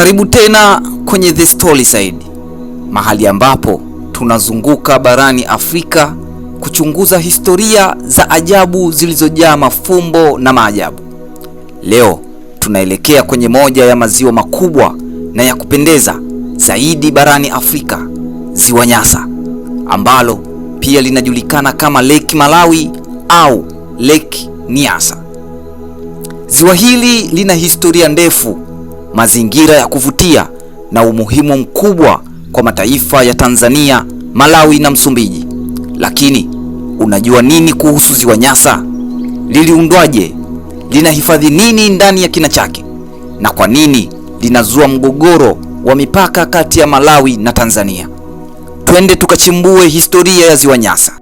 Karibu tena kwenye The Side, mahali ambapo tunazunguka barani Afrika kuchunguza historia za ajabu zilizojaa mafumbo na maajabu. Leo tunaelekea kwenye moja ya maziwa makubwa na ya kupendeza zaidi barani Afrika, Ziwa Nyasa ambalo pia linajulikana kama Lake Malawi au Lake Nyasa. Ziwa hili lina historia ndefu mazingira ya kuvutia na umuhimu mkubwa kwa mataifa ya Tanzania, Malawi na Msumbiji. Lakini unajua nini kuhusu Ziwa Nyasa? Liliundwaje? Linahifadhi nini ndani ya kina chake? Na kwa nini linazua mgogoro wa mipaka kati ya Malawi na Tanzania? Twende tukachimbue historia ya Ziwa Nyasa.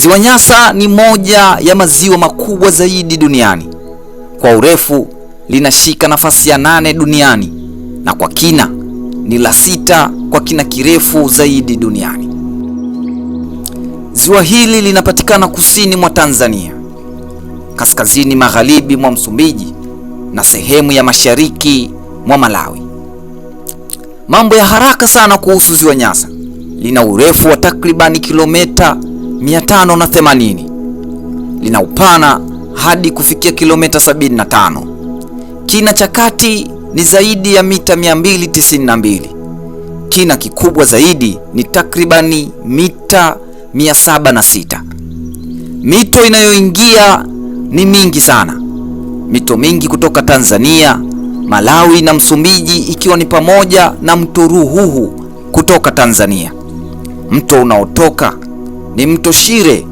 Ziwa Nyasa ni moja ya maziwa makubwa zaidi duniani. Kwa urefu linashika nafasi ya nane duniani na kwa kina ni la sita kwa kina kirefu zaidi duniani. Ziwa hili linapatikana kusini mwa Tanzania, kaskazini magharibi mwa Msumbiji na sehemu ya mashariki mwa Malawi. Mambo ya haraka sana kuhusu Ziwa Nyasa, lina urefu wa takribani kilomita 580 lina upana hadi kufikia kilomita 75. Kina cha kati ni zaidi ya mita 292. Kina kikubwa zaidi ni takribani mita 706. Mito inayoingia ni mingi sana. Mito mingi kutoka Tanzania, Malawi na Msumbiji ikiwa ni pamoja na mto Ruhuhu kutoka Tanzania. Mto unaotoka ni mto Shire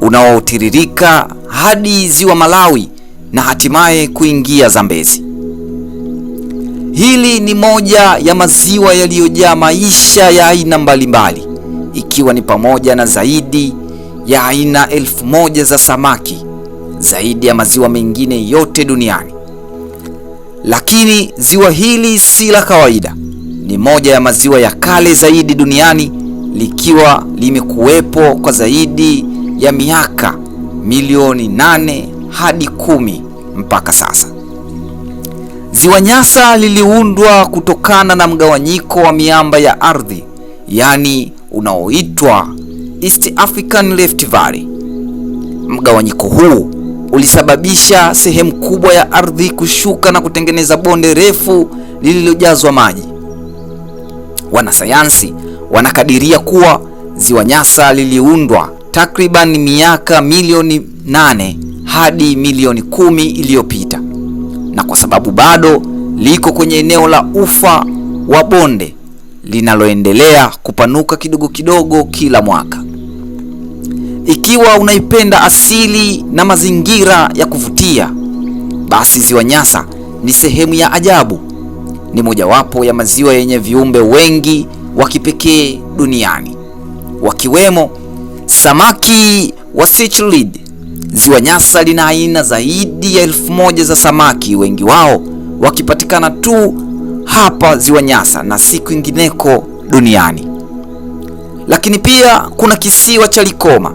unaotiririka hadi ziwa Malawi na hatimaye kuingia Zambezi. Hili ni moja ya maziwa yaliyojaa maisha ya aina mbalimbali ikiwa ni pamoja na zaidi ya aina elfu moja za samaki, zaidi ya maziwa mengine yote duniani. Lakini ziwa hili si la kawaida, ni moja ya maziwa ya kale zaidi duniani likiwa limekuwepo kwa zaidi ya miaka milioni nane hadi kumi mpaka sasa. Ziwa Nyasa liliundwa kutokana na mgawanyiko wa miamba ya ardhi, yaani unaoitwa East African Rift Valley. Mgawanyiko huu ulisababisha sehemu kubwa ya ardhi kushuka na kutengeneza bonde refu lililojazwa maji. Wanasayansi Wanakadiria kuwa ziwa Nyasa liliundwa takriban miaka milioni nane hadi milioni kumi iliyopita, na kwa sababu bado liko kwenye eneo la ufa wa bonde linaloendelea kupanuka kidogo kidogo kila mwaka. Ikiwa unaipenda asili na mazingira ya kuvutia, basi ziwa Nyasa ni sehemu ya ajabu. Ni mojawapo ya maziwa yenye viumbe wengi wa kipekee duniani wakiwemo samaki wa Sichlid. Ziwa Nyasa lina aina zaidi ya elfu moja za samaki, wengi wao wakipatikana tu hapa Ziwa Nyasa na si kwingineko duniani. Lakini pia kuna kisiwa cha Likoma,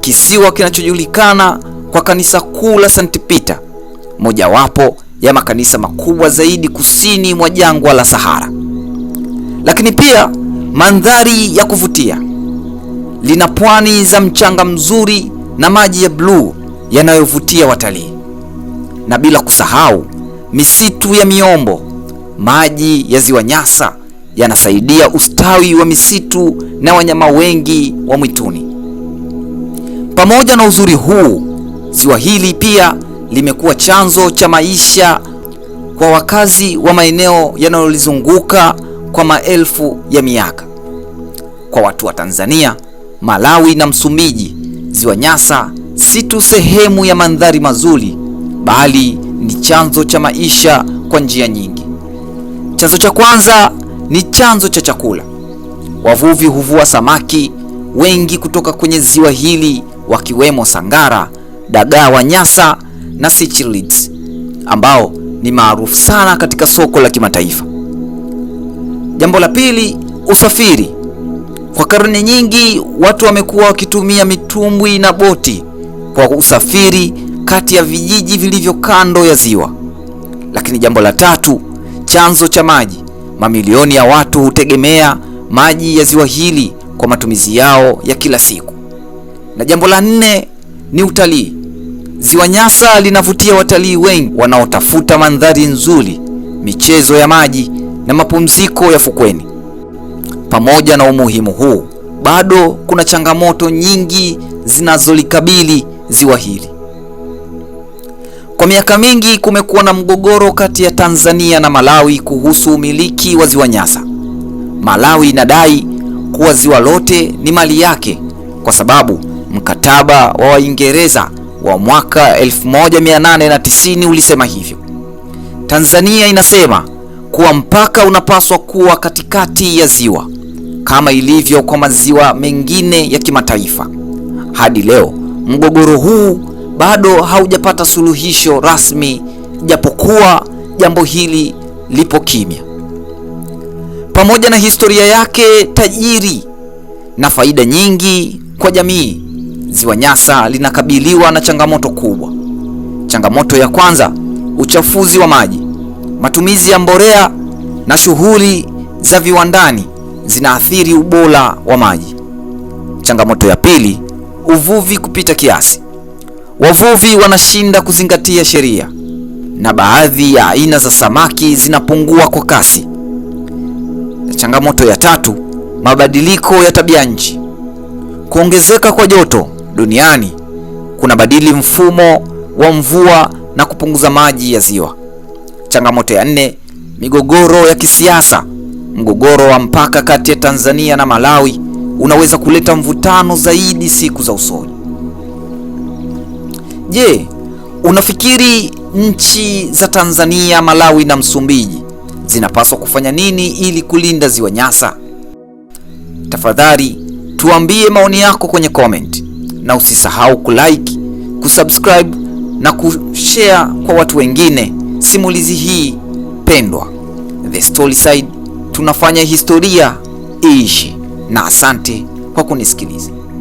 kisiwa kinachojulikana kwa kanisa kuu la St. Peter, mojawapo ya makanisa makubwa zaidi kusini mwa jangwa la Sahara lakini pia mandhari ya kuvutia. Lina pwani za mchanga mzuri na maji ya bluu yanayovutia watalii, na bila kusahau misitu ya miombo. Maji ya ziwa Nyasa yanasaidia ustawi wa misitu na wanyama wengi wa mwituni. Pamoja na uzuri huu, ziwa hili pia limekuwa chanzo cha maisha kwa wakazi wa maeneo yanayolizunguka kwa maelfu ya miaka. Kwa watu wa Tanzania, Malawi na Msumbiji, Ziwa Nyasa si tu sehemu ya mandhari mazuri, bali ni chanzo cha maisha kwa njia nyingi. Chanzo cha kwanza ni chanzo cha chakula. Wavuvi huvua samaki wengi kutoka kwenye ziwa hili wakiwemo sangara, dagaa wa Nyasa na sechilids ambao ni maarufu sana katika soko la kimataifa. Jambo la pili, usafiri. Kwa karne nyingi watu wamekuwa wakitumia mitumbwi na boti kwa usafiri kati ya vijiji vilivyo kando ya ziwa. Lakini jambo la tatu, chanzo cha maji. Mamilioni ya watu hutegemea maji ya ziwa hili kwa matumizi yao ya kila siku. Na jambo la nne ni utalii. Ziwa Nyasa linavutia watalii wengi wanaotafuta mandhari nzuri, michezo ya maji na mapumziko ya fukweni. Pamoja na umuhimu huu, bado kuna changamoto nyingi zinazolikabili ziwa hili. Kwa miaka mingi kumekuwa na mgogoro kati ya Tanzania na Malawi kuhusu umiliki wa ziwa Nyasa. Malawi inadai kuwa ziwa lote ni mali yake kwa sababu mkataba wa Waingereza wa mwaka 1890 ulisema hivyo. Tanzania inasema kuwa mpaka unapaswa kuwa katikati ya ziwa kama ilivyo kwa maziwa mengine ya kimataifa. Hadi leo mgogoro huu bado haujapata suluhisho rasmi, japokuwa jambo hili lipo kimya. Pamoja na historia yake tajiri na faida nyingi kwa jamii, ziwa Nyasa linakabiliwa na changamoto kubwa. Changamoto ya kwanza, uchafuzi wa maji. Matumizi ya mbolea na shughuli za viwandani zinaathiri ubora wa maji. Changamoto ya pili, uvuvi kupita kiasi. Wavuvi wanashinda kuzingatia sheria na baadhi ya aina za samaki zinapungua kwa kasi. Changamoto ya tatu, mabadiliko ya tabia nchi. Kuongezeka kwa joto duniani kunabadili mfumo wa mvua na kupunguza maji ya ziwa. Changamoto ya nne, migogoro ya kisiasa. Mgogoro wa mpaka kati ya Tanzania na Malawi unaweza kuleta mvutano zaidi siku za usoni. Je, unafikiri nchi za Tanzania, Malawi na Msumbiji zinapaswa kufanya nini ili kulinda ziwa Nyasa? Tafadhali tuambie maoni yako kwenye comment, na usisahau kulike, kusubscribe na kushare kwa watu wengine simulizi hii pendwa The Side, tunafanya historia iishi, na asante kwa kunisikiliza.